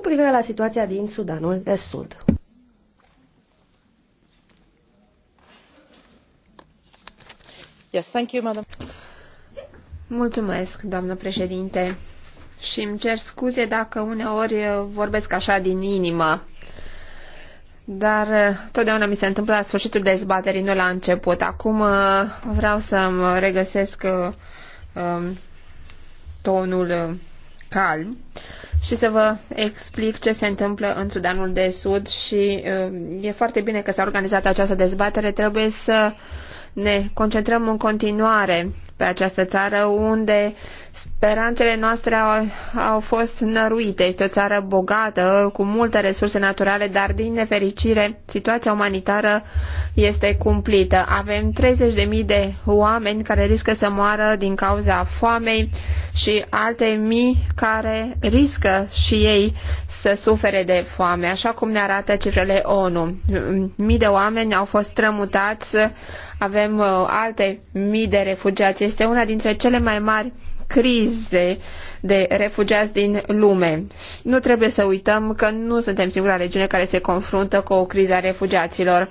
cu privire la situația din Sudanul de Sud. Yes, thank you, madam. Mulțumesc, doamnă președinte. Și îmi cer scuze dacă uneori eh, vorbesc așa din inimă. Dar eh, totdeauna mi se întâmplă la sfârșitul dezbaterii, nu la început. Acum eh, vreau să-mi regăsesc um, tonul calm și să vă explic ce se întâmplă în Sudanul de Sud și uh, e foarte bine că s-a organizat această dezbatere. Trebuie să ne concentrăm în continuare pe această țară unde Speranțele noastre au, au fost năruite. Este o țară bogată, cu multe resurse naturale, dar din nefericire situația umanitară este cumplită. Avem 30.000 de oameni care riscă să moară din cauza foamei și alte mii care riscă și ei să sufere de foame, așa cum ne arată cifrele ONU. Mii de oameni au fost strămutați, avem uh, alte mii de refugiați. Este una dintre cele mai mari crize de refugiați din lume. Nu trebuie să uităm că nu suntem singura regiune care se confruntă cu o criză a refugiaților.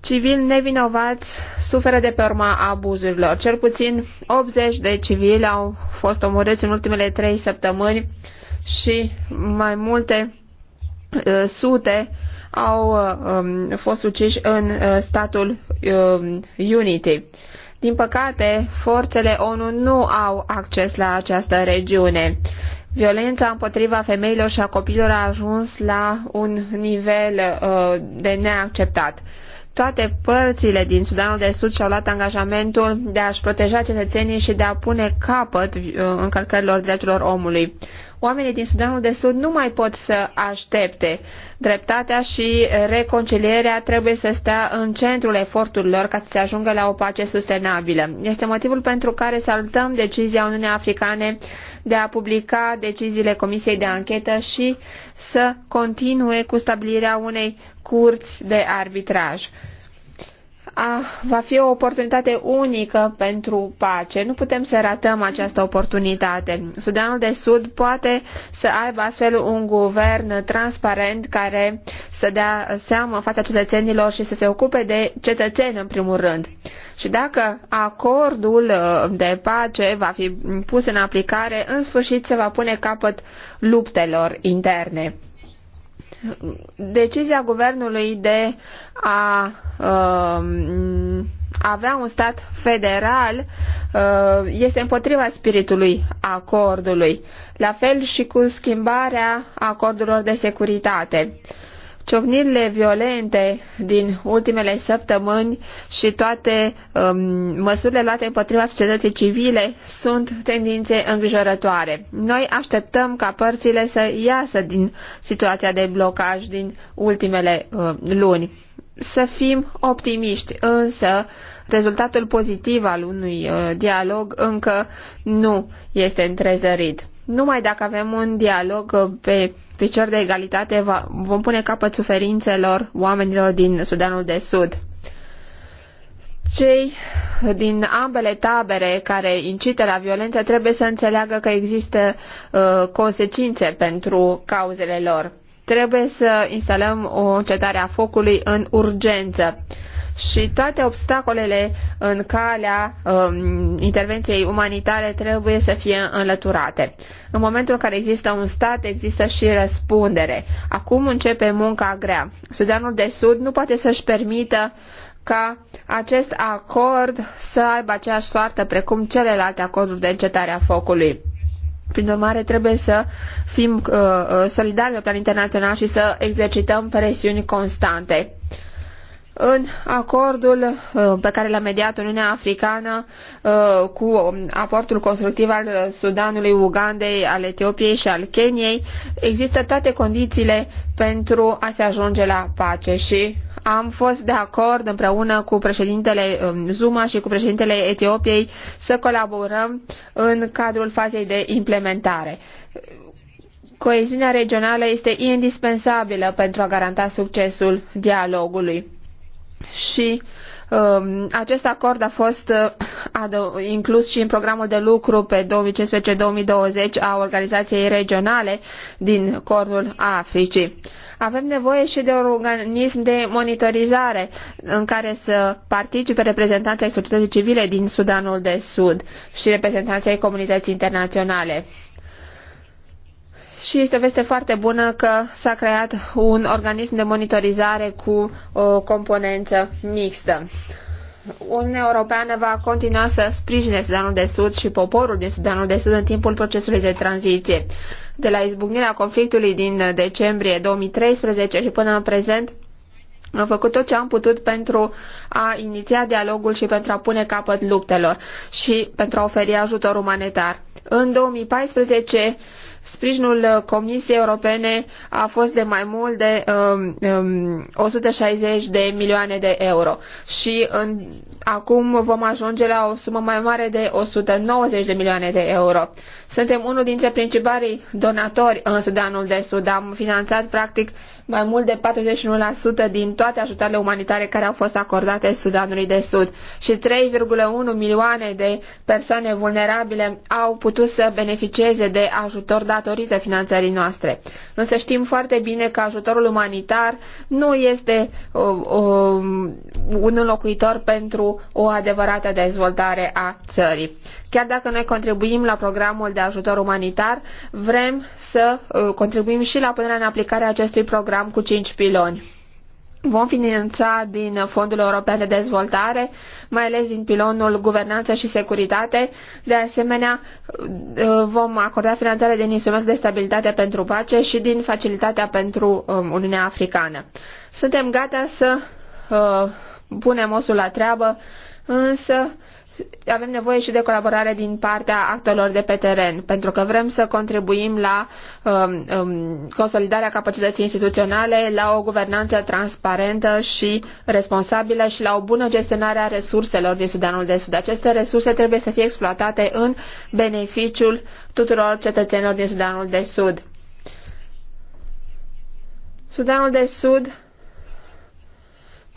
Civili nevinovați suferă de pe urma abuzurilor. Cel puțin 80 de civili au fost omorâți în ultimele trei săptămâni și mai multe uh, sute au uh, um, fost uciși în uh, statul um, Unity. Din păcate, forțele ONU nu au acces la această regiune. Violența împotriva femeilor și a copiilor a ajuns la un nivel uh, de neacceptat. Toate părțile din Sudanul de Sud și-au luat angajamentul de a-și proteja cetățenii și de a pune capăt uh, încălcărilor drepturilor omului. Oamenii din Sudanul de Sud nu mai pot să aștepte. Dreptatea și reconcilierea trebuie să stea în centrul eforturilor ca să se ajungă la o pace sustenabilă. Este motivul pentru care salutăm decizia Uniunii Africane de a publica deciziile Comisiei de Anchetă și să continue cu stabilirea unei curți de arbitraj a, va fi o oportunitate unică pentru pace. Nu putem să ratăm această oportunitate. Sudanul de Sud poate să aibă astfel un guvern transparent care să dea seamă în fața cetățenilor și să se ocupe de cetățeni în primul rând. Și dacă acordul uh, de pace va fi pus în aplicare, în sfârșit se va pune capăt luptelor interne. Decizia guvernului de a Um, avea un stat federal uh, este împotriva spiritului acordului, la fel și cu schimbarea acordurilor de securitate. Ciocnirile violente din ultimele săptămâni și toate um, măsurile luate împotriva societății civile sunt tendințe îngrijorătoare. Noi așteptăm ca părțile să iasă din situația de blocaj din ultimele uh, luni să fim optimiști, însă rezultatul pozitiv al unui uh, dialog încă nu este întrezărit. Numai dacă avem un dialog uh, pe picior de egalitate vom pune capăt suferințelor oamenilor din Sudanul de Sud. Cei din ambele tabere care incită la violență trebuie să înțeleagă că există uh, consecințe pentru cauzele lor. Trebuie să instalăm o încetare a focului în urgență și toate obstacolele în calea um, intervenției umanitare trebuie să fie înlăturate. În momentul în care există un stat, există și răspundere. Acum începe munca grea. Sudanul de Sud nu poate să-și permită ca acest acord să aibă aceeași soartă precum celelalte acorduri de încetare a focului. Prin urmare, trebuie să fim uh, uh, solidari pe plan internațional și să exercităm presiuni constante. În acordul uh, pe care l-a mediat Uniunea Africană uh, cu aportul constructiv al Sudanului, Ugandei, al Etiopiei și al Keniei, există toate condițiile pentru a se ajunge la pace și am fost de acord împreună cu președintele um, Zuma și cu președintele Etiopiei să colaborăm în cadrul fazei de implementare. Coeziunea regională este indispensabilă pentru a garanta succesul dialogului și um, acest acord a fost uh, inclus și în programul de lucru pe 2015-2020 a organizației regionale din Cornul Africii. Avem nevoie și de un organism de monitorizare în care să participe reprezentanții ai societății civile din Sudanul de Sud și reprezentanții ai comunității internaționale. Și este o veste foarte bună că s-a creat un organism de monitorizare cu o componență mixtă. Uniunea Europeană va continua să sprijine Sudanul de Sud și poporul din Sudanul de Sud în timpul procesului de tranziție. De la izbucnirea conflictului din decembrie 2013 și până în prezent, am făcut tot ce am putut pentru a iniția dialogul și pentru a pune capăt luptelor și pentru a oferi ajutor umanitar. În 2014, Sprijinul uh, Comisiei Europene a fost de mai mult de um, 160 um, de milioane de euro și în, acum vom ajunge la o sumă mai mare de 190 de milioane de euro. Suntem unul dintre principalii donatori în Sudanul de Sud. Am finanțat practic mai mult de 41% din toate ajutoarele umanitare care au fost acordate Sudanului de Sud și 3,1 milioane de persoane vulnerabile au putut să beneficieze de ajutor datorită finanțării noastre. Însă știm foarte bine că ajutorul umanitar nu este uh, uh, un înlocuitor pentru o adevărată dezvoltare a țării. Chiar dacă noi contribuim la programul de ajutor umanitar, vrem să uh, contribuim și la punerea în aplicare a acestui program cu cinci piloni. Vom finanța din Fondul European de Dezvoltare, mai ales din pilonul Guvernanță și Securitate. De asemenea, uh, vom acorda finanțare din Instrumentul de Stabilitate pentru Pace și din Facilitatea pentru um, Uniunea Africană. Suntem gata să uh, punem osul la treabă, însă avem nevoie și de colaborare din partea actorilor de pe teren, pentru că vrem să contribuim la um, um, consolidarea capacității instituționale, la o guvernanță transparentă și responsabilă și la o bună gestionare a resurselor din Sudanul de Sud. Aceste resurse trebuie să fie exploatate în beneficiul tuturor cetățenilor din Sudanul de Sud. Sudanul de Sud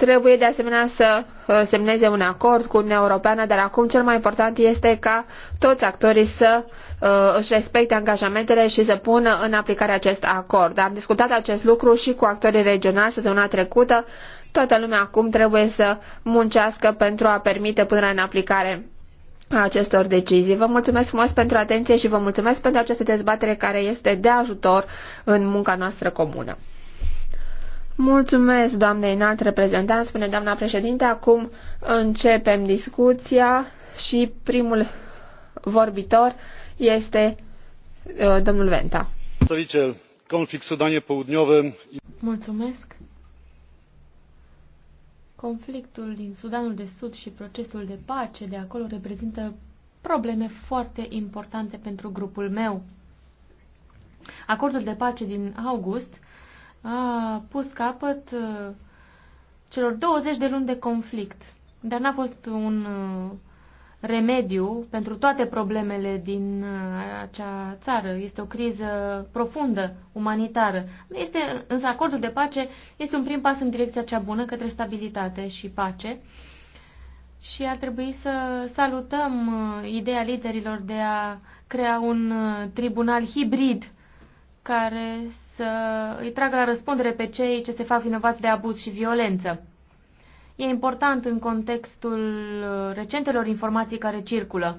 Trebuie de asemenea să uh, semneze un acord cu Uniunea Europeană, dar acum cel mai important este ca toți actorii să uh, își respecte angajamentele și să pună în aplicare acest acord. Am discutat acest lucru și cu actorii regionali săptămâna trecută. Toată lumea acum trebuie să muncească pentru a permite punerea în aplicare a acestor decizii. Vă mulțumesc frumos pentru atenție și vă mulțumesc pentru această dezbatere care este de ajutor în munca noastră comună. Mulțumesc, doamne înalt reprezentant, spune doamna președinte. Acum începem discuția și primul vorbitor este uh, domnul Venta. Conflict Sudanie Południowym. Mulțumesc. Conflictul din Sudanul de Sud și procesul de pace de acolo reprezintă probleme foarte importante pentru grupul meu. Acordul de pace din august a pus capăt uh, celor 20 de luni de conflict, dar n-a fost un uh, remediu pentru toate problemele din uh, acea țară. Este o criză profundă, umanitară. Este, însă acordul de pace este un prim pas în direcția cea bună către stabilitate și pace și ar trebui să salutăm ideea liderilor de a crea un tribunal hibrid care să îi tragă la răspundere pe cei ce se fac vinovați de abuz și violență. E important în contextul recentelor informații care circulă.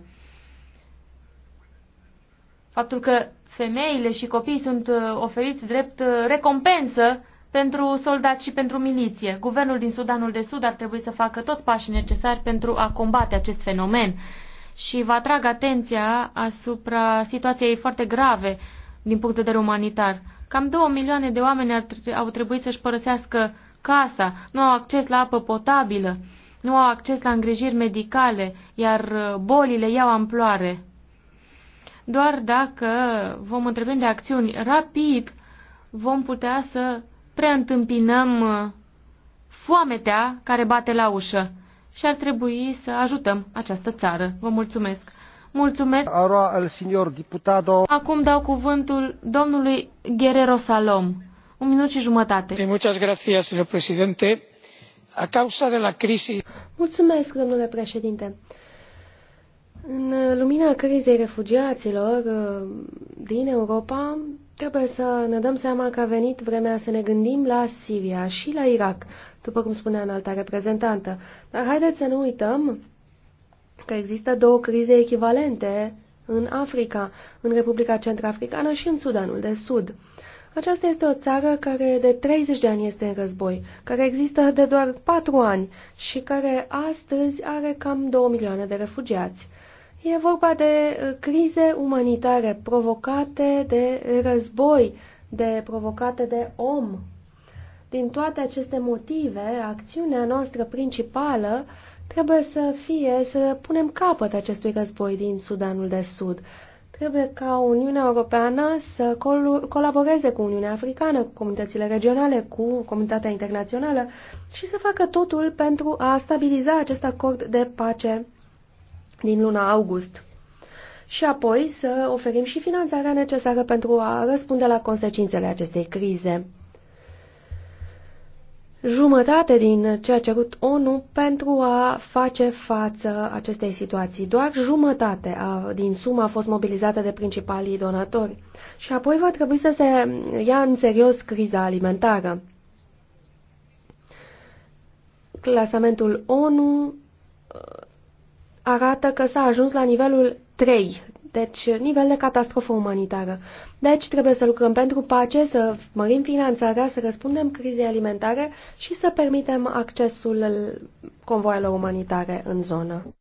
Faptul că femeile și copiii sunt uh, oferiți drept uh, recompensă pentru soldați și pentru miliție. Guvernul din Sudanul de Sud ar trebui să facă toți pașii necesari pentru a combate acest fenomen și va atrag atenția asupra situației foarte grave din punct de vedere umanitar. Cam două milioane de oameni ar, au trebuit să-și părăsească casa, nu au acces la apă potabilă, nu au acces la îngrijiri medicale, iar uh, bolile iau amploare. Doar dacă vom întreprinde acțiuni rapid, vom putea să preîntâmpinăm uh, foametea care bate la ușă și ar trebui să ajutăm această țară. Vă mulțumesc! Mulțumesc. Aroa al diputado. Acum dau cuvântul domnului Guerrero Salom. Un minut și jumătate. Muchas gracias, señor presidente. A causa de la crisis... Mulțumesc, domnule președinte. În lumina crizei refugiaților uh, din Europa, trebuie să ne dăm seama că a venit vremea să ne gândim la Siria și la Irak, după cum spunea în alta reprezentantă. Dar haideți să nu uităm că există două crize echivalente în Africa, în Republica Centrafricană și în Sudanul de Sud. Aceasta este o țară care de 30 de ani este în război, care există de doar 4 ani și care astăzi are cam 2 milioane de refugiați. E vorba de uh, crize umanitare provocate de război, de provocate de om. Din toate aceste motive, acțiunea noastră principală trebuie să fie să punem capăt acestui război din Sudanul de Sud. Trebuie ca Uniunea Europeană să col colaboreze cu Uniunea Africană, cu comunitățile regionale, cu comunitatea internațională și să facă totul pentru a stabiliza acest acord de pace din luna august. Și apoi să oferim și finanțarea necesară pentru a răspunde la consecințele acestei crize jumătate din ce a avut ONU pentru a face față acestei situații. Doar jumătate a, din sumă a fost mobilizată de principalii donatori. Și apoi va trebui să se ia în serios criza alimentară. Clasamentul ONU uh, arată că s-a ajuns la nivelul 3 deci nivel de catastrofă umanitară. Deci trebuie să lucrăm pentru pace, să mărim finanțarea, să răspundem crizei alimentare și să permitem accesul convoielor umanitare în zonă.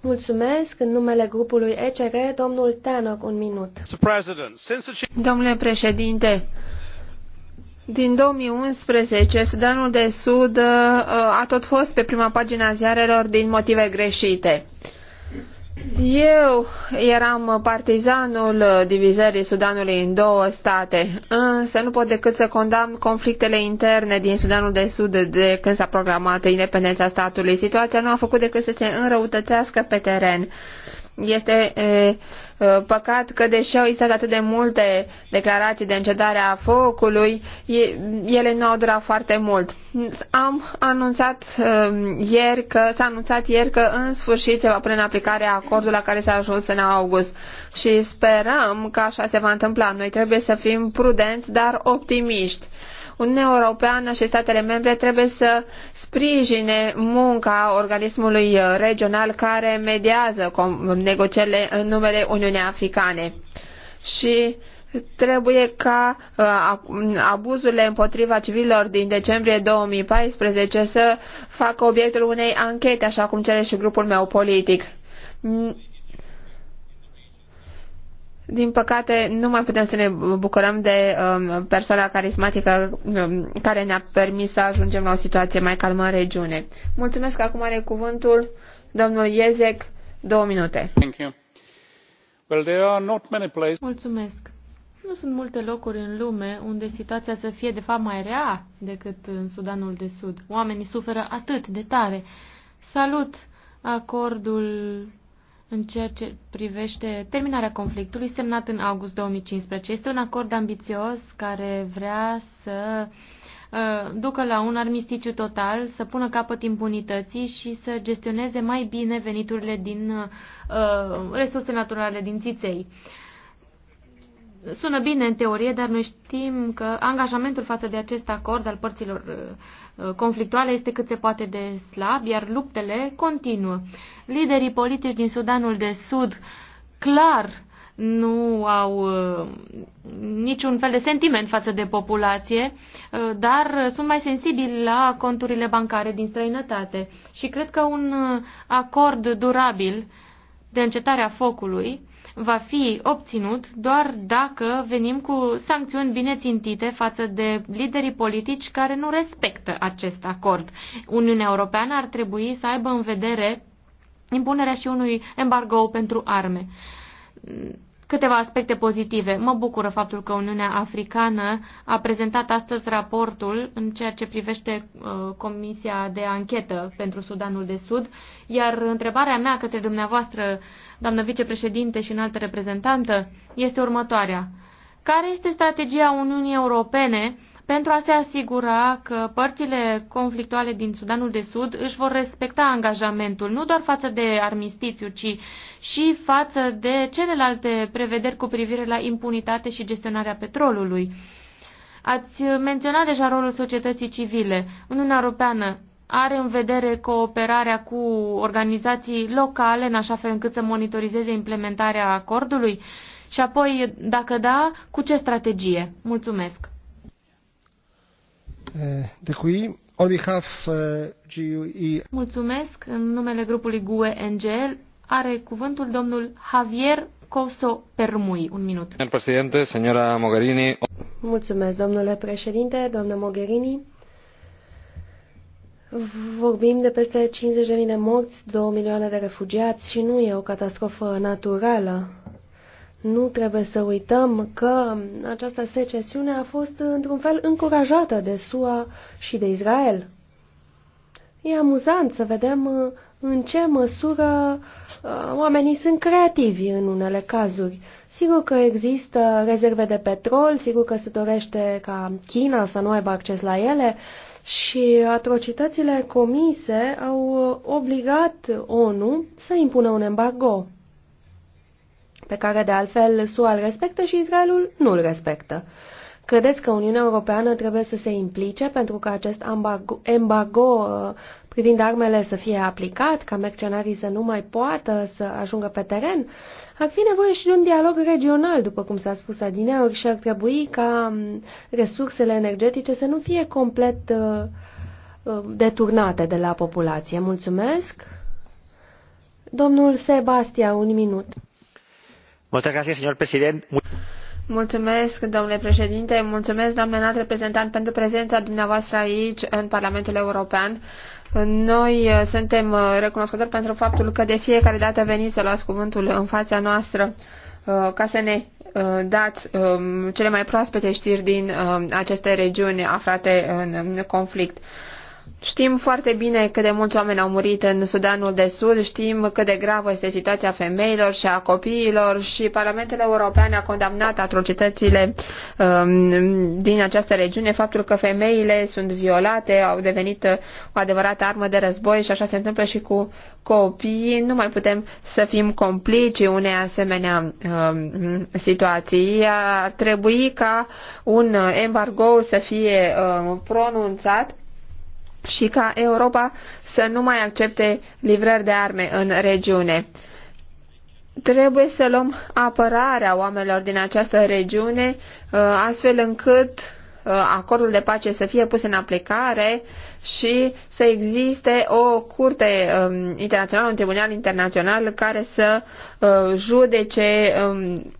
Mulțumesc. În numele grupului ECR, domnul Tanok, un minut. Domnule președinte, din 2011, Sudanul de Sud uh, a tot fost pe prima pagina ziarelor din motive greșite. Eu eram partizanul divizării Sudanului în două state, însă nu pot decât să condamn conflictele interne din Sudanul de Sud de când s-a proclamat independența statului. Situația nu a făcut decât să se înrăutățească pe teren. Este e, Uh, păcat că, deși au existat atât de multe declarații de încetare a focului, ele nu au durat foarte mult. Am anunțat um, ieri că s-a anunțat ieri că în sfârșit se va pune în aplicare acordul la care s-a ajuns în august și sperăm că așa se va întâmpla. Noi trebuie să fim prudenți, dar optimiști. Uniunea Europeană și statele membre trebuie să sprijine munca organismului uh, regional care mediază negocierile în numele Uniunii Africane. Și trebuie ca uh, abuzurile împotriva civililor din decembrie 2014 să facă obiectul unei anchete, așa cum cere și grupul meu politic din păcate, nu mai putem să ne bucurăm de um, persoana carismatică um, care ne-a permis să ajungem la o situație mai calmă în regiune. Mulțumesc. Acum are cuvântul domnul Iezec. Două minute. Thank you. Well, there are not many places. Mulțumesc. Nu sunt multe locuri în lume unde situația să fie de fapt mai rea decât în Sudanul de Sud. Oamenii suferă atât de tare. Salut acordul în ceea ce privește terminarea conflictului semnat în august 2015. Este un acord ambițios care vrea să uh, ducă la un armisticiu total, să pună capăt impunității și să gestioneze mai bine veniturile din uh, resurse naturale din țiței. Sună bine în teorie, dar noi știm că angajamentul față de acest acord al părților uh, conflictuale este cât se poate de slab, iar luptele continuă. Liderii politici din Sudanul de Sud clar nu au uh, niciun fel de sentiment față de populație, uh, dar sunt mai sensibili la conturile bancare din străinătate. Și cred că un uh, acord durabil de încetarea focului va fi obținut doar dacă venim cu sancțiuni bine țintite față de liderii politici care nu respectă acest acord. Uniunea Europeană ar trebui să aibă în vedere impunerea și unui embargo pentru arme. Câteva aspecte pozitive. Mă bucură faptul că Uniunea Africană a prezentat astăzi raportul în ceea ce privește uh, Comisia de Anchetă pentru Sudanul de Sud, iar întrebarea mea către dumneavoastră, doamnă vicepreședinte și înaltă reprezentantă, este următoarea. Care este strategia Uniunii Europene pentru a se asigura că părțile conflictuale din Sudanul de Sud își vor respecta angajamentul nu doar față de armistițiu, ci și față de celelalte prevederi cu privire la impunitate și gestionarea petrolului. Ați menționat deja rolul societății civile. Uniunea Europeană are în vedere cooperarea cu organizații locale în așa fel încât să monitorizeze implementarea acordului? Și apoi, dacă da, cu ce strategie? Mulțumesc! Eh, On behalf eh, GUE. Mulțumesc. În numele grupului GUE NGL are cuvântul domnul Javier Coso Permui. Un minut. președinte, señora Mogherini. Mulțumesc, domnule președinte, doamnă Mogherini. Vorbim de peste 50.000 de morți, 2 milioane de refugiați și nu e o catastrofă naturală. Nu trebuie să uităm că această secesiune a fost într-un fel încurajată de SUA și de Israel. E amuzant să vedem uh, în ce măsură uh, oamenii sunt creativi în unele cazuri. Sigur că există rezerve de petrol, sigur că se dorește ca China să nu aibă acces la ele și atrocitățile comise au uh, obligat ONU să impună un embargo pe care de altfel SUA îl respectă și Israelul nu îl respectă. Credeți că Uniunea Europeană trebuie să se implice pentru că acest embargo, embargo uh, privind armele să fie aplicat, ca mercenarii să nu mai poată să ajungă pe teren? Ar fi nevoie și de un dialog regional, după cum s-a spus adineori, și ar trebui ca um, resursele energetice să nu fie complet uh, uh, deturnate de la populație. Mulțumesc! Domnul Sebastia, un minut. Mulțumesc, domnule președinte, mulțumesc, doamnă înalt reprezentant, pentru prezența dumneavoastră aici, în Parlamentul European. Noi uh, suntem uh, recunoscători pentru faptul că de fiecare dată veniți să luați cuvântul în fața noastră uh, ca să ne dați um, cele mai proaspete știri din aceste regiuni aflate în conflict. Știm foarte bine cât de mulți oameni au murit în Sudanul de Sud, știm cât de gravă este situația femeilor și a copiilor și Parlamentul European a condamnat atrocitățile um, din această regiune, faptul că femeile sunt violate, au devenit o adevărată armă de război și așa se întâmplă și cu copiii. Nu mai putem să fim complici unei asemenea um, situații. Ar trebui ca un embargo să fie um, pronunțat și ca Europa să nu mai accepte livrări de arme în regiune. Trebuie să luăm apărarea oamenilor din această regiune, uh, astfel încât uh, acordul de pace să fie pus în aplicare și să existe o curte um, internațională, un tribunal internațional care să uh, judece um,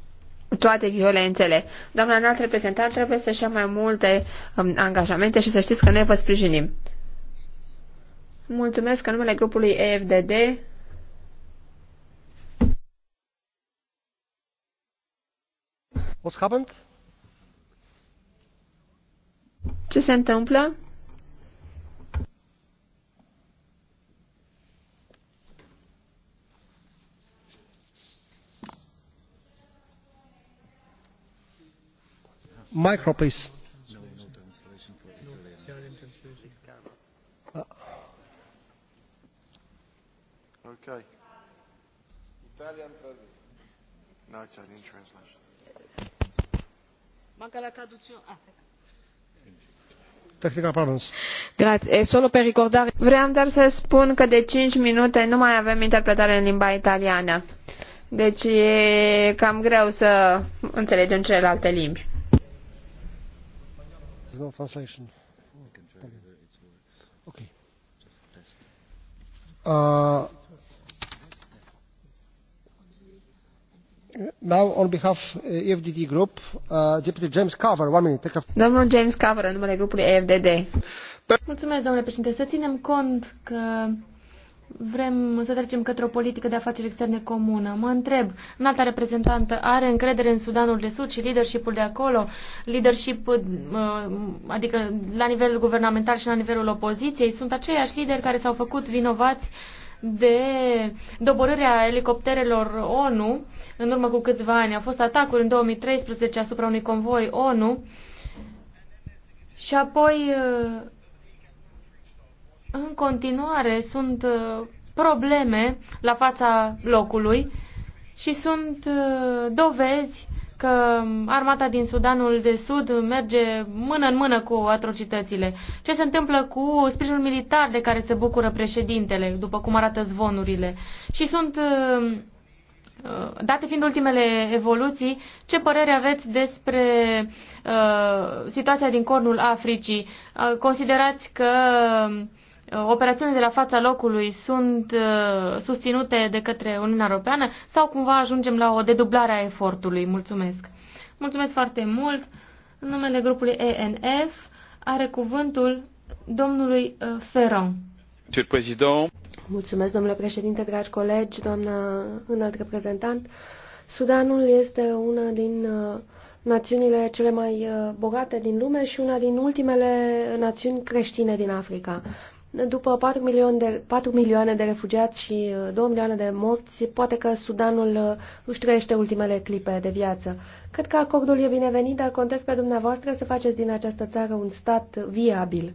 toate violențele. Doamna înalt reprezentant trebuie să-și ia mai multe um, angajamente și să știți că noi vă sprijinim. Mulțumesc în numele grupului EFDD. What's happened? Ce se întâmplă? Micro, please. Okay. Italian translation. No, Italian translation. Manca la traduzione. Ah, Tehnica Palons. Solo per ricordare... Vreau doar să spun că de 5 minute nu mai avem interpretare în limba italiană. Deci e cam greu să înțelegem celelalte limbi. Okay. Uh, Domnul James Carver, în numele grupului EFDD. Da. Mulțumesc, domnule președinte. Să ținem cont că vrem să trecem către o politică de afaceri externe comună. Mă întreb, înalta reprezentantă are încredere în Sudanul de Sud și leadership de acolo, leadership eh, adică la nivel guvernamental și la nivelul opoziției, sunt aceiași lideri care s-au făcut vinovați uh, de doborârea elicopterelor ONU în urmă cu câțiva ani. Au fost atacuri în 2013 asupra unui convoi ONU și apoi uh, în continuare sunt uh, probleme la fața locului și sunt uh, dovezi că armata din Sudanul de Sud merge mână în mână cu atrocitățile. Ce se întâmplă cu sprijinul militar de care se bucură președintele, după cum arată zvonurile? Și sunt, uh, date fiind ultimele evoluții, ce părere aveți despre uh, situația din cornul Africii? Uh, considerați că uh, Uh, operațiunile de la fața locului sunt uh, susținute de către Uniunea Europeană sau cumva ajungem la o dedublare a efortului? Mulțumesc! Mulțumesc foarte mult! În numele grupului ENF are cuvântul domnului uh, Ferron. Mulțumesc, domnule președinte, dragi colegi, doamna înalt reprezentant. Sudanul este una din națiunile cele mai bogate din lume și una din ultimele națiuni creștine din Africa. După 4 milioane, de, 4 milioane de refugiați și 2 uh, milioane de morți, poate că Sudanul uh, își trăiește ultimele clipe de viață. Cred că acordul e binevenit, dar contez pe dumneavoastră să faceți din această țară un stat viabil.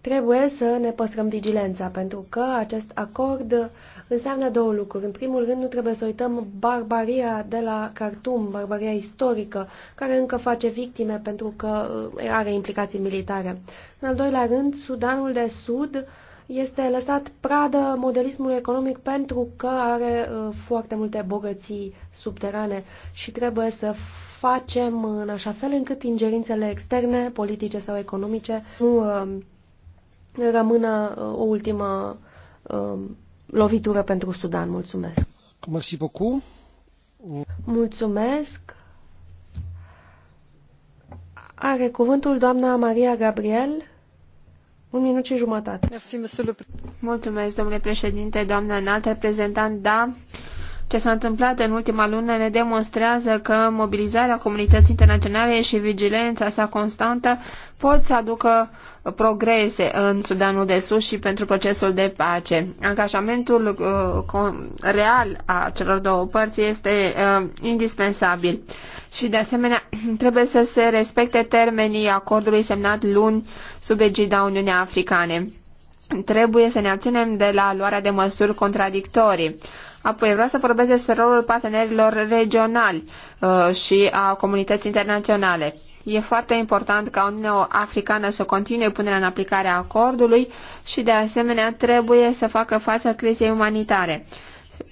Trebuie să ne păstrăm vigilența, pentru că acest acord înseamnă două lucruri. În primul rând, nu trebuie să uităm barbaria de la Khartoum, barbaria istorică, care încă face victime pentru că uh, are implicații militare. În al doilea rând, Sudanul de Sud este lăsat pradă modelismului economic pentru că are uh, foarte multe bogății subterane și trebuie să facem în așa fel încât ingerințele externe, politice sau economice, nu uh, rămână o ultimă lovitură pentru Sudan. Mulțumesc. Merci beaucoup. Mulțumesc. Are cuvântul doamna Maria Gabriel. Un minut și jumătate. Mulțumesc, domnule președinte, doamna înalt reprezentant. Da, ce s-a întâmplat în ultima lună ne demonstrează că mobilizarea comunității internaționale și vigilența sa constantă pot să aducă progrese în Sudanul de Sud și pentru procesul de pace. Angajamentul uh, real a celor două părți este uh, indispensabil și de asemenea trebuie să se respecte termenii acordului semnat luni sub egida Uniunii Africane. Trebuie să ne abținem de la luarea de măsuri contradictorii. Apoi vreau să vorbesc despre rolul partenerilor regionali uh, și a comunității internaționale. E foarte important ca Uniunea Africană să continue punerea în aplicare a acordului și, de asemenea, trebuie să facă față crizei umanitare.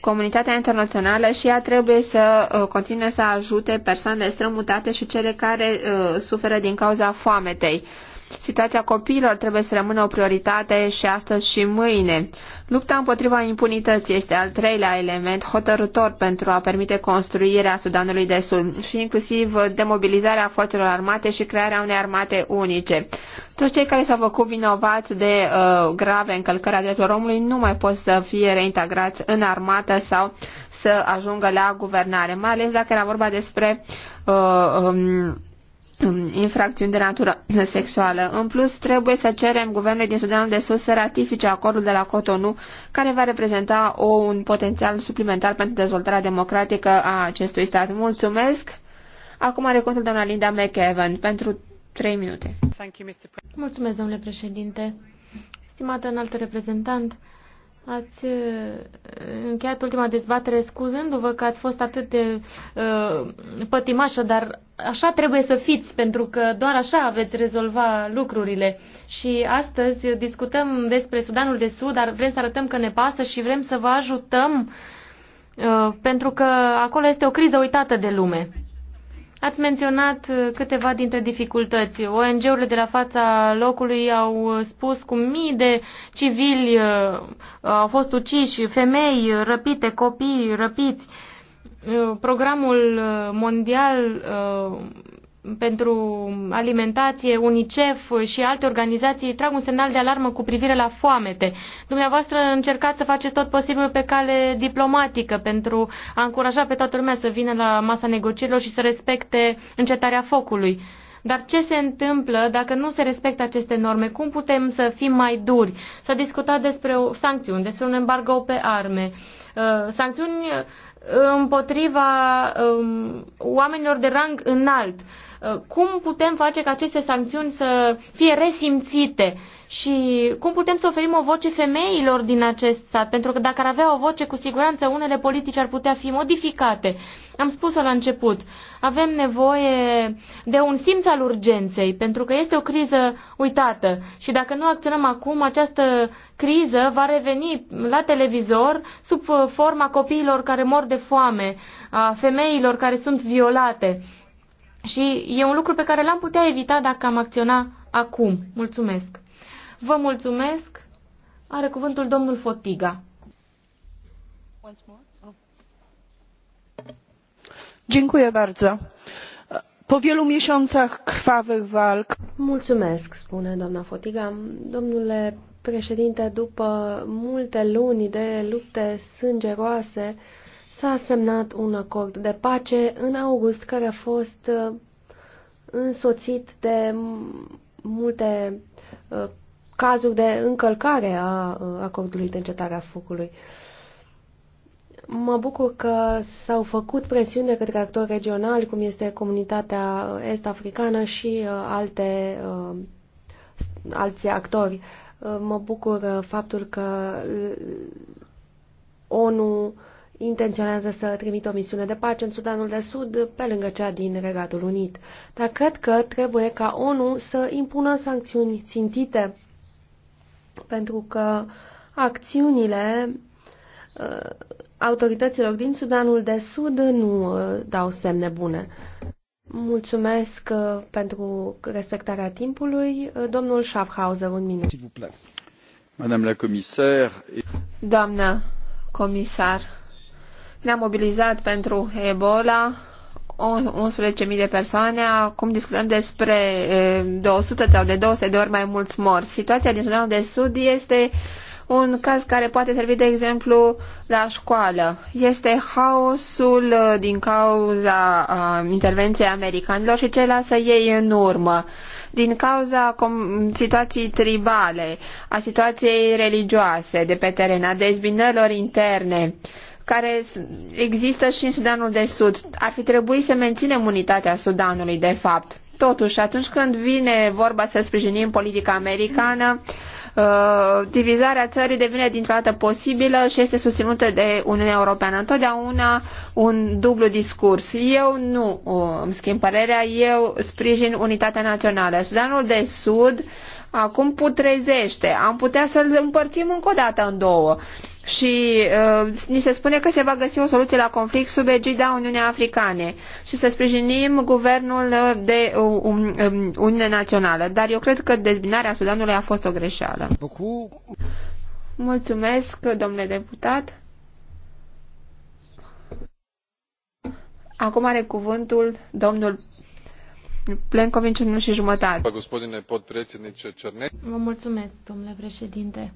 Comunitatea internațională și ea trebuie să uh, continue să ajute persoanele strămutate și cele care uh, suferă din cauza foametei. Situația copiilor trebuie să rămână o prioritate și astăzi și mâine. Lupta împotriva impunității este al treilea element hotărător pentru a permite construirea Sudanului de Sud și inclusiv demobilizarea forțelor armate și crearea unei armate unice. Toți cei care s-au făcut vinovați de uh, grave încălcări a drepturilor omului nu mai pot să fie reintegrați în armată sau să ajungă la guvernare, mai ales dacă era vorba despre uh, um, Um, infracțiuni de natură sexuală. În plus, trebuie să cerem guvernului din Sudanul de Sud să ratifice acordul de la Cotonou, care va reprezenta o, un potențial suplimentar pentru dezvoltarea democratică a acestui stat. Mulțumesc! Acum are contul doamna Linda McEvan pentru 3 minute. Mulțumesc, domnule președinte. Stimată înaltă reprezentant, Ați uh, încheiat ultima dezbatere scuzându-vă că ați fost atât de uh, pătimașă, dar așa trebuie să fiți, pentru că doar așa veți rezolva lucrurile. Și astăzi discutăm despre Sudanul de Sud, dar vrem să arătăm că ne pasă și vrem să vă ajutăm, uh, pentru că acolo este o criză uitată de lume. Ați menționat uh, câteva dintre dificultăți. ONG-urile de la fața locului au uh, spus cum mii de civili uh, au fost uciși, femei răpite, copii răpiți. Programul mondial pentru alimentație, UNICEF și alte organizații trag un semnal de alarmă cu privire la foamete. Dumneavoastră încercați să faceți tot posibilul pe cale diplomatică pentru a încuraja pe toată lumea să vină la masa negocierilor și să respecte încetarea focului. Dar ce se întâmplă dacă nu se respectă aceste norme? Cum putem să fim mai duri? S-a discutat despre o sancțiuni, despre un embargo pe arme. Uh, sancțiuni uh, împotriva um, oamenilor de rang înalt Uh, cum putem face ca aceste sancțiuni să fie resimțite și cum putem să oferim o voce femeilor din acest stat, pentru că dacă ar avea o voce, cu siguranță unele politici ar putea fi modificate. Am spus-o la început, avem nevoie de un simț al urgenței, pentru că este o criză uitată și dacă nu acționăm acum, această criză va reveni la televizor sub uh, forma copiilor care mor de foame, a femeilor care sunt violate. Și e un lucru pe care l-am putea evita dacă am acționa acum. Mulțumesc. Vă mulțumesc. Are cuvântul domnul Fotiga. Oh. Dziękuję bardzo. Po wielu miesiącach krwawych walk. Mulțumesc, spune doamna Fotiga. Domnule președinte, după multe luni de lupte sângeroase, s-a semnat un acord de pace în august care a fost uh, însoțit de multe uh, cazuri de încălcare a uh, acordului de încetare a focului. Mă bucur că s-au făcut presiuni de către actori regionali, cum este comunitatea est-africană și alte, alți actori. Mă bucur faptul că ONU intenționează să trimită o misiune de pace în Sudanul de Sud, pe lângă cea din Regatul Unit. Dar cred că trebuie ca ONU să impună sancțiuni țintite, pentru că acțiunile uh, autorităților din Sudanul de Sud nu uh, dau semne bune. Mulțumesc uh, pentru respectarea timpului. Uh, domnul Schaffhauser, un minut. Doamnă comisar, ne-am mobilizat pentru Ebola, 11.000 de persoane, acum discutăm despre 200 sau de 200 de ori mai mulți morți. Situația din Sudanul de Sud este un caz care poate servi de exemplu la școală. Este haosul din cauza intervenției americanilor și ce lasă ei în urmă din cauza situației tribale, a situației religioase de pe teren, a dezbinărilor interne, care există și în Sudanul de Sud. Ar fi trebuit să menținem unitatea Sudanului, de fapt. Totuși, atunci când vine vorba să sprijinim politica americană, uh, divizarea țării devine dintr-o dată posibilă și este susținută de Uniunea Europeană. Întotdeauna un dublu discurs. Eu nu uh, îmi schimb părerea, eu sprijin unitatea națională. Sudanul de Sud acum putrezește. Am putea să-l împărțim încă o dată în două și uh, ni se spune că se va găsi o soluție la conflict sub egida Uniunii Africane și să sprijinim guvernul uh, de uh, um, um, Uniune Națională. Dar eu cred că dezbinarea Sudanului a fost o greșeală. Mulțumesc, domnule deputat. Acum are cuvântul domnul Plencovici, un și jumătate. Vă mulțumesc, domnule președinte.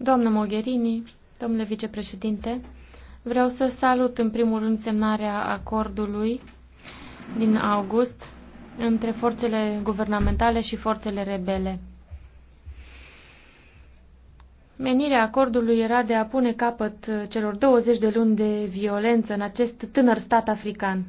Doamnă Mogherini, domnule vicepreședinte, vreau să salut în primul rând semnarea acordului din august între forțele guvernamentale și forțele rebele. Menirea acordului era de a pune capăt celor 20 de luni de violență în acest tânăr stat african.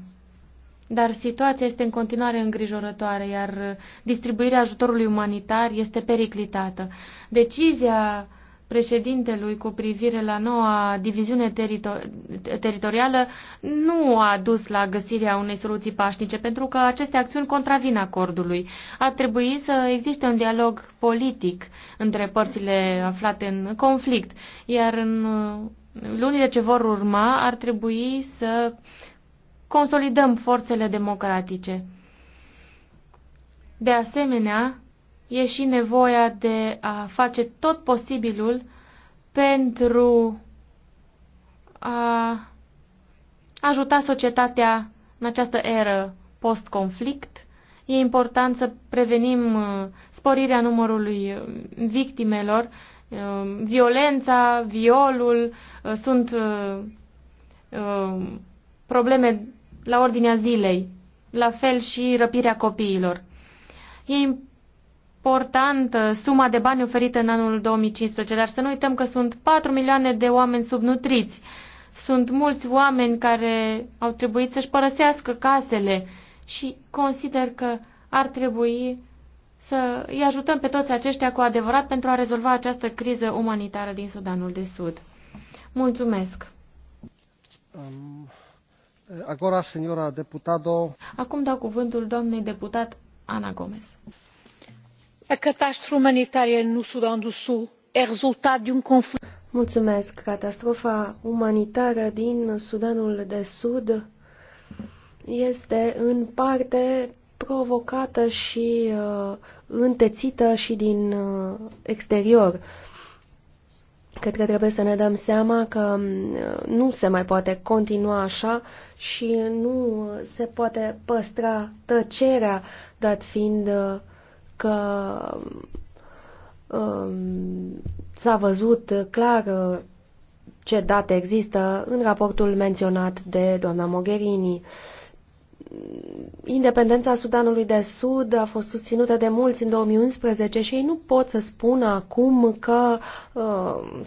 Dar situația este în continuare îngrijorătoare, iar distribuirea ajutorului umanitar este periclitată. Decizia președintelui cu privire la noua diviziune teritor- teritorială nu a dus la găsirea unei soluții pașnice, pentru că aceste acțiuni contravin acordului. Ar trebui să existe un dialog politic între părțile aflate în conflict, iar în lunile ce vor urma ar trebui să consolidăm forțele democratice. De asemenea, e și nevoia de a face tot posibilul pentru a ajuta societatea în această eră post-conflict. E important să prevenim uh, sporirea numărului uh, victimelor. Uh, violența, violul sunt probleme la ordinea zilei, la fel și răpirea copiilor. E Important, suma de bani oferită în anul 2015, dar să nu uităm că sunt 4 milioane de oameni subnutriți. Sunt mulți oameni care au trebuit să-și părăsească casele și consider că ar trebui să îi ajutăm pe toți aceștia cu adevărat pentru a rezolva această criză umanitară din Sudanul de Sud. Mulțumesc! Um, agora, senora deputado... Acum dau cuvântul doamnei deputat Ana Gomez a um Mulțumesc. Catastrofa umanitară din Sudanul de Sud este în parte provocată și uh, întețită și din uh, exterior. Cred că trebuie să ne dăm seama că uh, nu se mai poate continua așa și nu se poate păstra tăcerea, dat fiind uh, că um, s-a văzut clar uh, ce date există în raportul menționat de doamna Mogherini. Uh, independența Sudanului de Sud a fost susținută de mulți în 2011 și ei nu pot să spună acum că uh,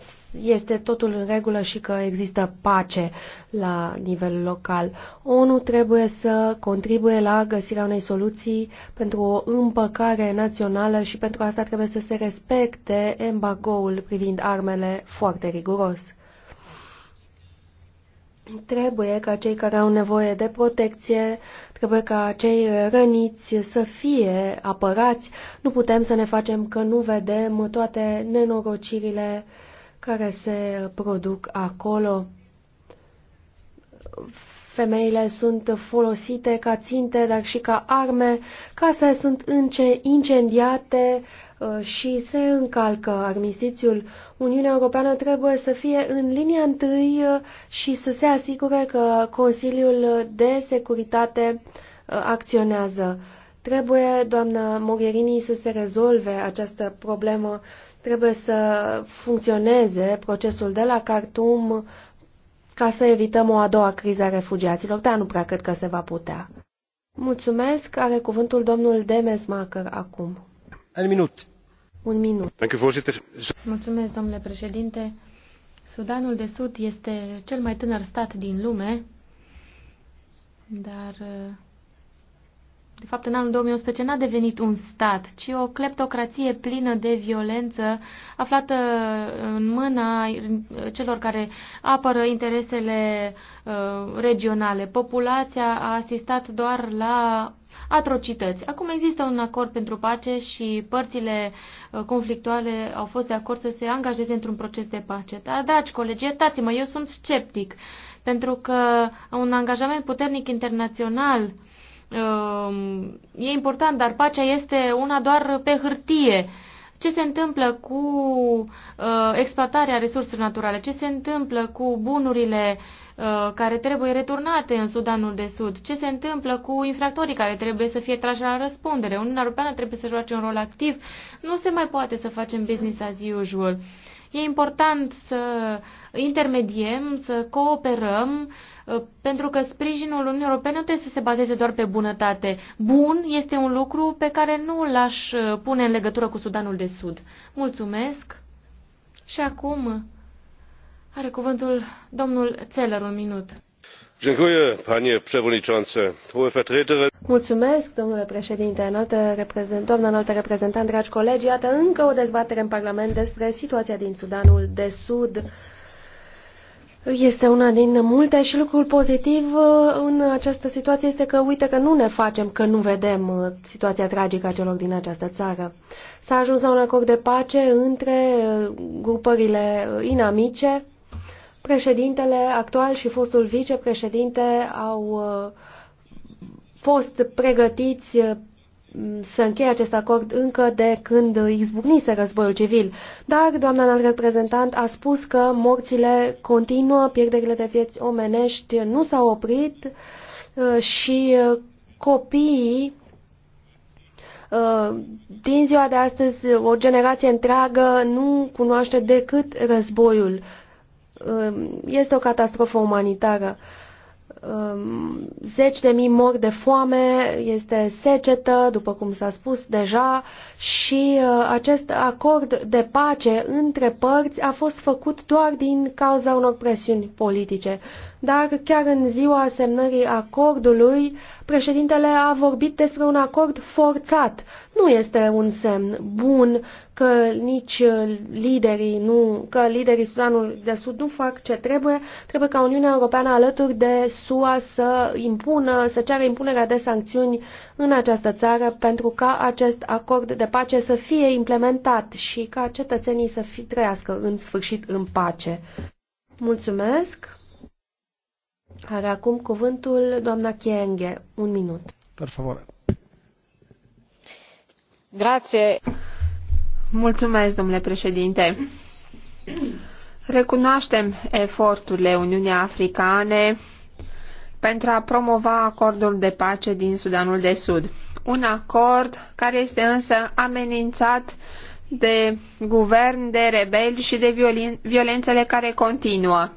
este totul în regulă și că există pace la nivel local. ONU trebuie să contribuie la găsirea unei soluții pentru o împăcare națională și pentru asta trebuie să se respecte embargoul privind armele foarte riguros. Trebuie ca cei care au nevoie de protecție, trebuie ca cei răniți să fie apărați. Nu putem să ne facem că nu vedem toate nenorocirile care se produc acolo. Femeile sunt folosite ca ținte, dar și ca arme. Case sunt incendiate, Uh, și se încalcă armistițiul. Uniunea Europeană trebuie să fie în linia întâi uh, și să se asigure că Consiliul de Securitate uh, acționează. Trebuie, doamna Mogherini, să se rezolve această problemă. Trebuie să funcționeze procesul de la Khartoum ca să evităm o a doua criză a refugiaților, dar nu prea cred că se va putea. Mulțumesc. Are cuvântul domnul Demesmacher acum. Un minut. Un minut. Mulțumesc, domnule președinte. Sudanul de Sud este cel mai tânăr stat din lume, dar uh, de fapt în anul 2011 n-a devenit un stat, ci o cleptocrație plină de violență aflată în mâna celor care apără interesele uh, regionale. Populația a asistat doar la atrocități. Acum există un acord pentru pace și părțile uh, conflictuale au fost de acord să se angajeze într-un proces de pace. Dar, dragi colegi, iertați-mă, eu sunt sceptic, pentru că un angajament puternic internațional uh, e important, dar pacea este una doar pe hârtie ce se întâmplă cu uh, exploatarea resurselor naturale, ce se întâmplă cu bunurile uh, care trebuie returnate în Sudanul de Sud, ce se întâmplă cu infractorii care trebuie să fie trași la răspundere. Uniunea Europeană trebuie să joace un rol activ. Nu se mai poate să facem business as usual. Uh, E important să intermediem, să cooperăm, uh, pentru că sprijinul Uniunii Europene nu trebuie să se bazeze doar pe bunătate. Bun este un lucru pe care nu l-aș uh, pune în legătură cu Sudanul de Sud. Mulțumesc! Și acum are cuvântul domnul Țeler un minut domnule președinte, doamnă înaltă reprezentant, dragi colegi. Iată încă o dezbatere în Parlament despre situația din Sudanul de Sud. Este una din multe și lucrul pozitiv uh, în această situație este că uite că nu ne facem, că nu vedem uh, situația tragică a celor din această țară. S-a ajuns la un acord de pace între uh, grupările inamice Președintele actual și fostul vicepreședinte au uh, fost pregătiți uh, să încheie acest acord încă de când izbucnise războiul civil. Dar doamna înalt reprezentant a spus că morțile continuă, pierderile de vieți omenești nu s-au oprit uh, și copiii din ziua de astăzi o generație întreagă nu cunoaște decât războiul Um, este o catastrofă umanitară. Um, zeci de mii mor de foame, este secetă, după cum s-a spus deja, și uh, acest acord de pace între părți a fost făcut doar din cauza unor presiuni politice. Dar chiar în ziua semnării acordului, președintele a vorbit despre un acord forțat. Nu este un semn bun că nici uh, liderii, nu, că liderii Sudanului de Sud nu fac ce trebuie, trebuie ca Uniunea Europeană alături de SUA să impună, să ceară impunerea de sancțiuni în această țară pentru ca acest acord de pace să fie implementat și ca cetățenii să fi, trăiască în sfârșit în pace. Mulțumesc! Are acum cuvântul doamna Chienghe. Un minut. Per favore. Grazie. Mulțumesc, domnule președinte. Recunoaștem eforturile Uniunii Africane pentru a promova acordul de pace din Sudanul de Sud. Un acord care este însă amenințat de guvern, de rebeli și de violențele care continuă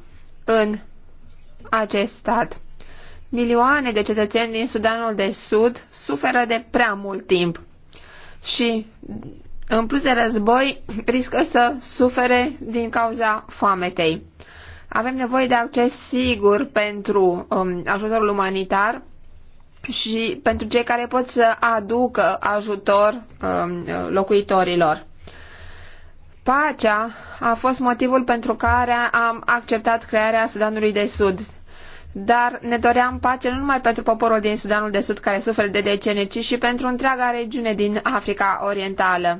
în acest stat. Milioane de cetățeni din Sudanul de Sud suferă de prea mult timp și în plus de război, riscă să sufere din cauza foametei. Avem nevoie de acces sigur pentru um, ajutorul umanitar și pentru cei care pot să aducă ajutor um, locuitorilor. Pacea a fost motivul pentru care am acceptat crearea Sudanului de Sud. Dar ne doream pace nu numai pentru poporul din Sudanul de Sud care suferă de decenii, ci și pentru întreaga regiune din Africa Orientală.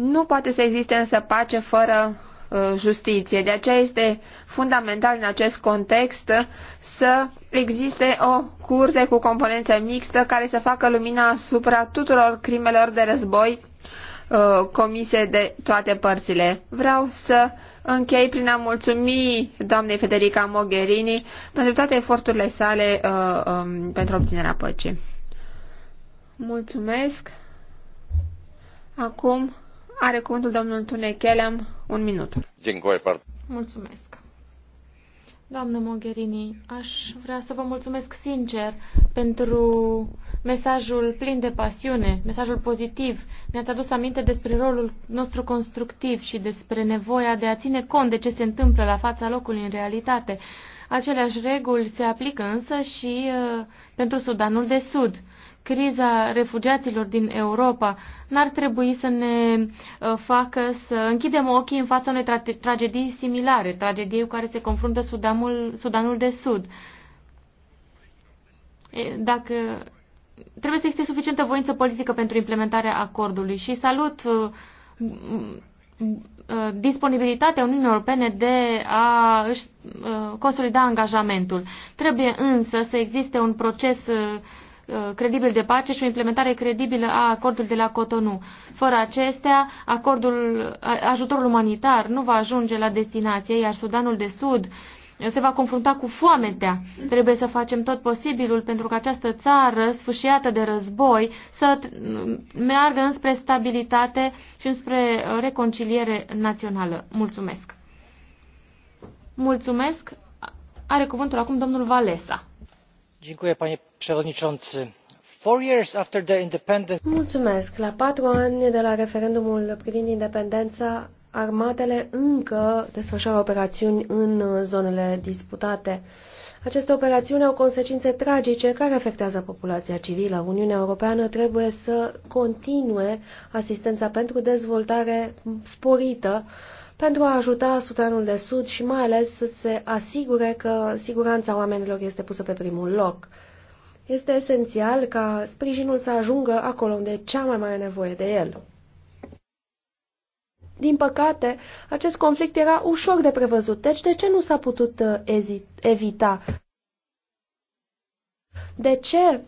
Nu poate să existe însă pace fără uh, justiție. De aceea este fundamental în acest context să existe o curte cu componență mixtă care să facă lumina asupra tuturor crimelor de război uh, comise de toate părțile. Vreau să închei prin a mulțumi doamnei Federica Mogherini pentru toate eforturile sale uh, um, pentru obținerea păcii. Mulțumesc. Acum are cuvântul domnul Kelem, un minut. Mulțumesc. Doamnă Mogherini, aș vrea să vă mulțumesc sincer pentru mesajul plin de pasiune, mesajul pozitiv. Mi-ați adus aminte despre rolul nostru constructiv și despre nevoia de a ține cont de ce se întâmplă la fața locului în realitate. Aceleași reguli se aplică însă și uh, pentru Sudanul de Sud. Uh, criza refugiaților din Europa n-ar trebui să ne uh, facă să închidem ochii în fața unei tra tragedii similare, tragediei cu care se confruntă Sudanul, Sudanul de Sud. Dacă trebuie să existe suficientă voință politică pentru implementarea acordului și salut uh, uh, disponibilitatea Uniunii Europene de a își consolida angajamentul. Trebuie însă să existe un proces Uh, credibil de pace și o implementare credibilă a acordului de la Cotonou. Fără acestea, acordul, ajutorul umanitar nu va ajunge la destinație, iar Sudanul de Sud se va confrunta cu foametea. Trebuie să facem tot posibilul pentru ca această țară sfâșiată de război să uh, meargă înspre stabilitate și înspre reconciliere națională. Mulțumesc! Mulțumesc! Are cuvântul acum domnul Valesa. Dziękuję, panie Mulțumesc. La patru ani de la referendumul privind independența, armatele încă desfășoară operațiuni în zonele disputate. Aceste operațiuni au consecințe tragice care afectează populația civilă. Uniunea Europeană trebuie să continue asistența pentru dezvoltare sporită pentru a ajuta Sudanul de Sud și mai ales să se asigure că siguranța oamenilor este pusă pe primul loc. Este esențial ca sprijinul să ajungă acolo unde e cea mai mare nevoie de el. Din păcate, acest conflict era ușor de prevăzut, deci de ce nu s-a putut uh, evita? De ce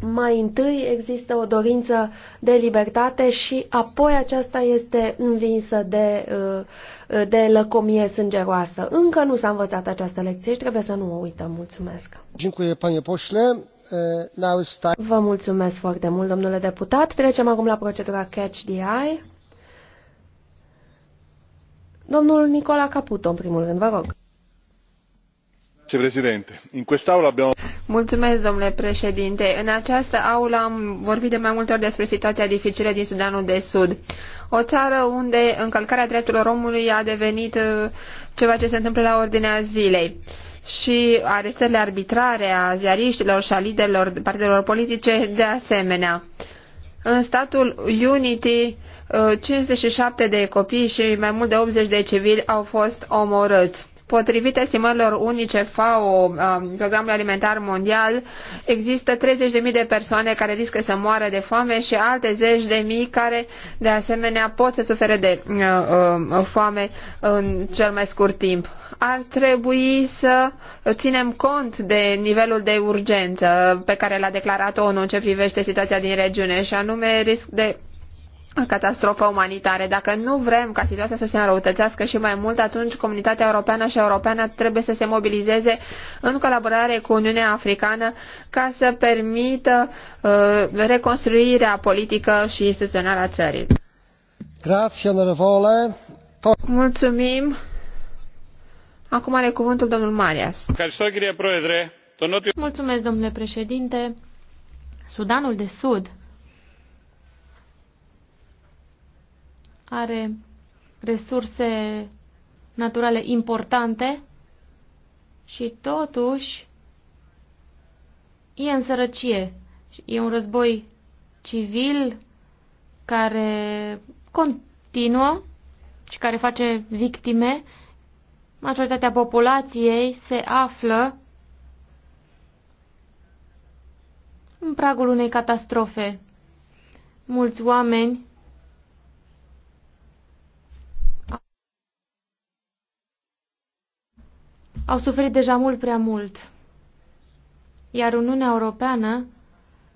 mai întâi există o dorință de libertate și apoi aceasta este învinsă de, uh, de lăcomie sângeroasă. Încă nu s-a învățat această lecție și trebuie să nu o uităm. Mulțumesc! Vă mulțumesc foarte mult, domnule deputat. Trecem acum la procedura Catch the Eye. Domnul Nicola Caputo, în primul rând, vă rog domnule președinte în această aulă am vorbit de mai multe ori despre situația dificilă din sudanul de sud o țară unde încălcarea drepturilor omului a devenit uh, ceva ce se întâmplă la ordinea zilei și arestările arbitrare a ziariștilor și a liderilor partidelor politice de asemenea. În statul Unity, 57 uh, de copii și mai mult de 80 de civili au fost omorâți Potrivit estimărilor unice FAO, um, Programul Alimentar Mondial, există 30.000 de persoane care riscă să moară de foame și alte zeci de mii care, de asemenea, pot să sufere de uh, uh, foame în cel mai scurt timp. Ar trebui să ținem cont de nivelul de urgență pe care l-a declarat ONU în ce privește situația din regiune, și anume risc de catastrofă umanitară. Dacă nu vrem ca situația să se înrăutățească și mai mult, atunci comunitatea europeană și europeană trebuie să se mobilizeze în colaborare cu Uniunea Africană ca să permită uh, reconstruirea politică și instituțională a țării. Mulțumim. Acum are cuvântul domnul Marias. Mulțumesc, domnule președinte. Sudanul de Sud are resurse naturale importante și totuși e în sărăcie. E un război civil care continuă și care face victime. Majoritatea populației se află în pragul unei catastrofe. Mulți oameni au suferit deja mult prea mult. Iar Uniunea Europeană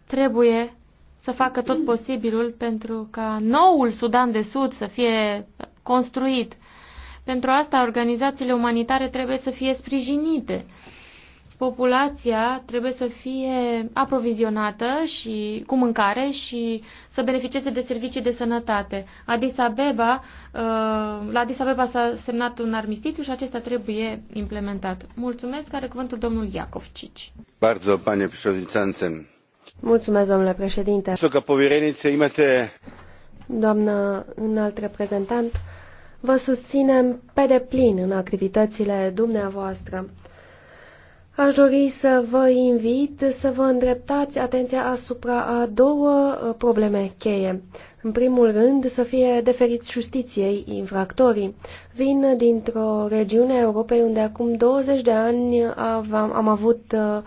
trebuie să facă tot posibilul pentru ca noul Sudan de Sud să fie construit. Pentru asta, organizațiile umanitare trebuie să fie sprijinite populația trebuie să fie aprovizionată și cu mâncare și să beneficieze de servicii de sănătate. Addis Abeba, uh, la Addis Abeba s-a semnat un armistițiu și acesta trebuie implementat. Mulțumesc, are cuvântul domnul Iacov Cici. Bardzo, panie președinte. Mulțumesc, domnule președinte. Că povirenițe, imate... Doamnă înalt reprezentant, vă susținem pe deplin în activitățile dumneavoastră Aș dori să vă invit să vă îndreptați atenția asupra a două uh, probleme cheie. În primul rând, să fie deferiți justiției infractorii. Vin dintr-o regiune a Europei unde acum 20 de ani am avut uh,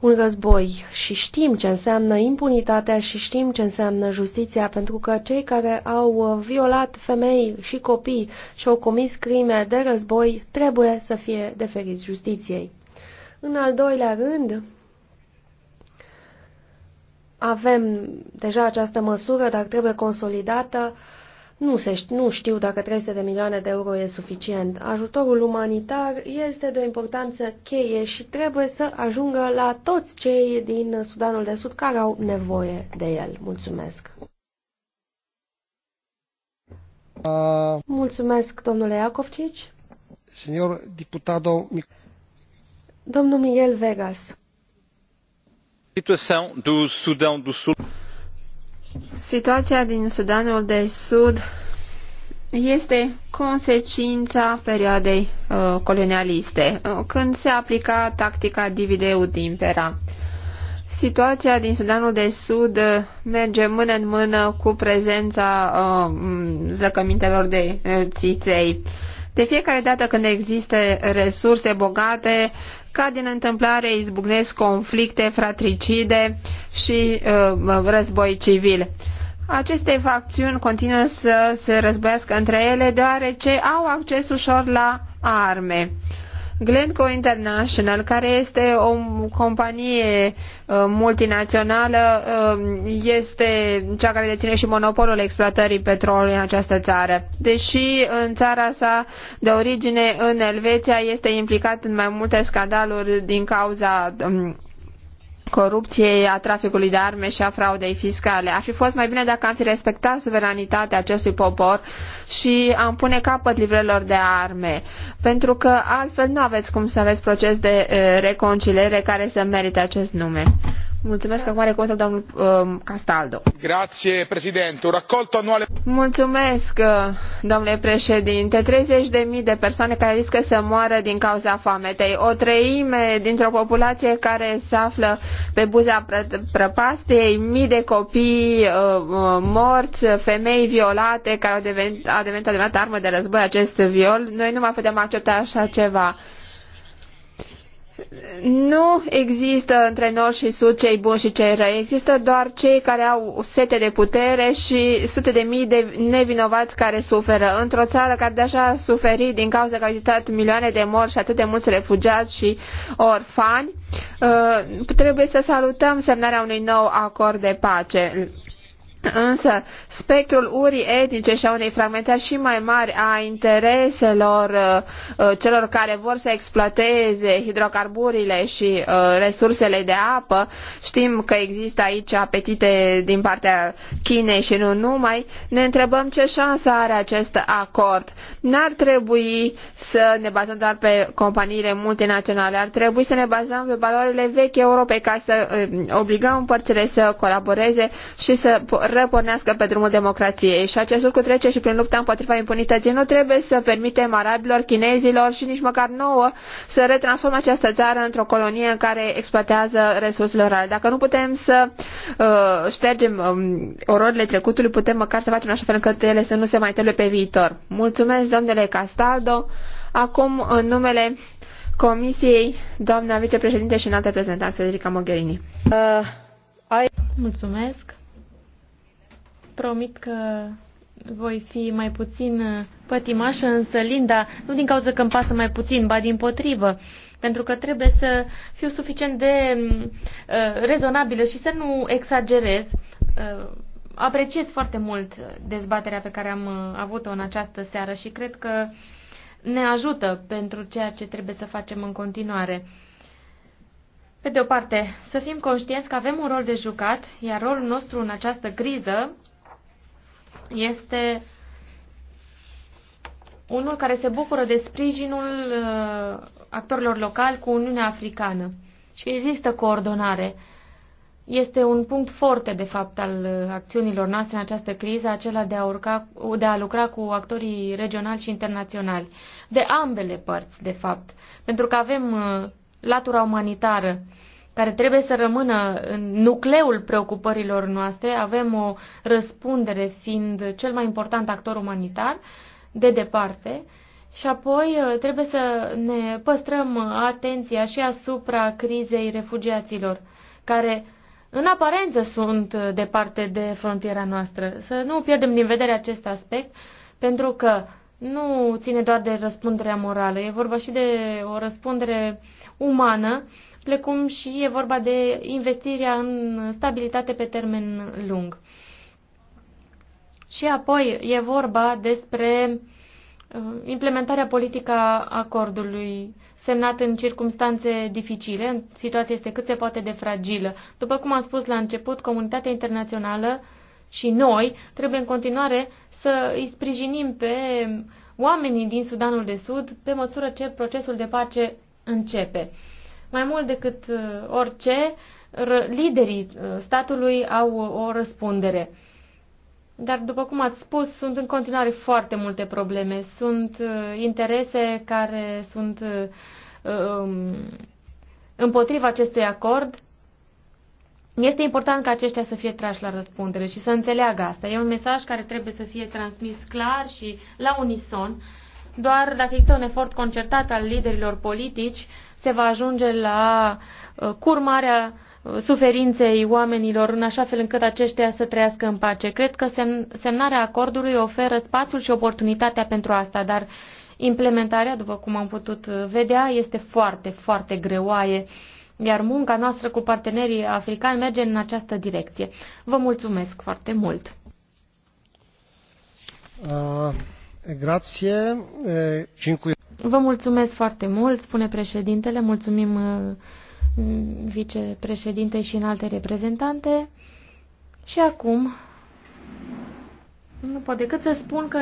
un război și știm ce înseamnă impunitatea și știm ce înseamnă justiția, pentru că cei care au uh, violat femei și copii și au comis crime de război trebuie să fie deferiți justiției. În al doilea rând, avem deja această măsură, dar trebuie consolidată. Nu, se, nu știu dacă 300 de milioane de euro e suficient. Ajutorul umanitar este de o importanță cheie și trebuie să ajungă la toți cei din Sudanul de Sud care au nevoie de el. Mulțumesc! Uh, Mulțumesc, domnule Iacovcici. Senior diputado... Domnul Miguel Vegas. Situația din Sudanul de Sud. este consecința perioadei uh, colonialiste, uh, când se aplica tactica divide ut impera. Situația din Sudanul de Sud uh, merge mână în mână cu prezența uh, zăcămintelor de uh, țiței. De fiecare dată când există resurse bogate, ca din întâmplare izbucnesc conflicte fratricide și uh, război civil. Aceste facțiuni continuă să se războiască între ele deoarece au acces ușor la arme. Uh, Glencoe International, care este o companie uh, multinațională, um, este cea care deține și monopolul exploatării petrolului în această țară. Deși în țara sa de origine, în Elveția, este implicat în mai multe scandaluri din cauza um, corupției, a traficului de arme și a fraudei fiscale. Ar fi fost mai bine dacă am fi respectat suveranitatea acestui popor și am pune capăt livrelor de arme, pentru că altfel nu aveți cum să aveți proces de eh, reconciliere care să merite acest nume. Mulțumesc că are cuvântul domnul um, Castaldo. Grazie, președinte. raccolto anuale... Mulțumesc, uh, domnule președinte. 30.000 de mii de persoane care riscă să moară din cauza foametei. O treime dintr-o populație care se află pe buza pră- prăpastiei, mii de copii uh, uh, morți, femei violate, care au devenit, a devenit adevărat armă de război acest viol. Noi nu mai putem accepta așa ceva nu există între nord și sud cei buni și cei răi, există doar cei care au sete de putere și sute de mii de nevinovați care suferă. Într-o țară care deja a suferit din cauza că au existat milioane de morți și atât de mulți refugiați și orfani, uh, trebuie să salutăm semnarea unui nou acord de pace. Însă, spectrul urii etnice și a unei fragmentări și mai mari a intereselor uh, uh, celor care vor să exploateze hidrocarburile și uh, resursele de apă, știm că există aici apetite din partea Chinei și nu numai, ne întrebăm ce șansă are acest acord. N-ar trebui să ne bazăm doar pe companiile multinaționale, ar trebui să ne bazăm pe valorile vechi Europei ca să obligăm părțile să colaboreze și să repornească pe drumul democrației și acest lucru trece și prin lupta împotriva impunității. Nu trebuie să permitem arabilor, chinezilor și nici măcar nouă să retransforme această țară într-o colonie în care exploatează resursele orale. Dacă nu putem să uh, ștergem um, ororile trecutului, putem măcar să facem așa fel încât ele să nu se mai întâmple pe viitor. Mulțumesc, domnule Castaldo. Acum, în numele Comisiei, doamna vicepreședinte și înalt reprezentant Federica Mogherini. Uh, I... Mulțumesc. Promit că voi fi mai puțin uh, pătimașă, însă Linda, nu din cauza că îmi pasă mai puțin, ba din potrivă, pentru că trebuie să fiu suficient de mm, uh, rezonabilă și să nu exagerez. Uh, apreciez foarte mult uh, dezbaterea pe care am uh, avut-o în această seară și cred că ne ajută pentru ceea ce trebuie să facem în continuare. Pe de o parte, să fim conștienți că avem un rol de jucat, iar rolul nostru în această criză este unul care se bucură de sprijinul uh, actorilor locali cu Uniunea Africană. Și există coordonare. Este un punct foarte, de fapt, al uh, acțiunilor noastre în această criză, acela de a, urca, de a lucra cu actorii regionali și internaționali, de ambele părți, de fapt, pentru că avem uh, latura umanitară care trebuie să rămână în nucleul preocupărilor noastre. Avem o răspundere fiind cel mai important actor umanitar, de departe, și apoi uh, trebuie să ne păstrăm atenția și asupra crizei refugiaților, care în aparență sunt uh, departe de frontiera noastră. Să nu pierdem din vedere acest aspect, pentru că nu ține doar de răspunderea morală, e vorba și de o răspundere umană precum și e vorba de investirea în stabilitate pe termen lung. Și apoi e vorba despre uh, implementarea politică a acordului semnat în circumstanțe dificile, situația este cât se poate de fragilă. După cum am spus la început, comunitatea internațională și noi trebuie în continuare să îi sprijinim pe oamenii din Sudanul de Sud pe măsură ce procesul de pace începe. Mai mult decât uh, orice, liderii uh, statului au uh, o răspundere. Dar, după cum ați spus, sunt în continuare foarte multe probleme. Sunt interese care sunt um, împotriva acestui acord. Este important ca aceștia să fie trași la răspundere și să înțeleagă asta. E un mesaj care trebuie să fie transmis clar și la unison doar dacă există un efort concertat al liderilor politici, se va ajunge la uh, curmarea uh, suferinței oamenilor în așa fel încât aceștia să trăiască în pace. Cred că semnarea acordului oferă spațiul și oportunitatea pentru asta, dar implementarea, după cum am putut uh, vedea, este foarte, foarte greoaie, iar munca noastră cu partenerii africani merge în această direcție. Vă mulțumesc foarte mult! Uh... Grație. Vă mulțumesc foarte mult, spune președintele. Mulțumim vicepreședintei și în alte reprezentante. Și acum, nu pot decât să spun că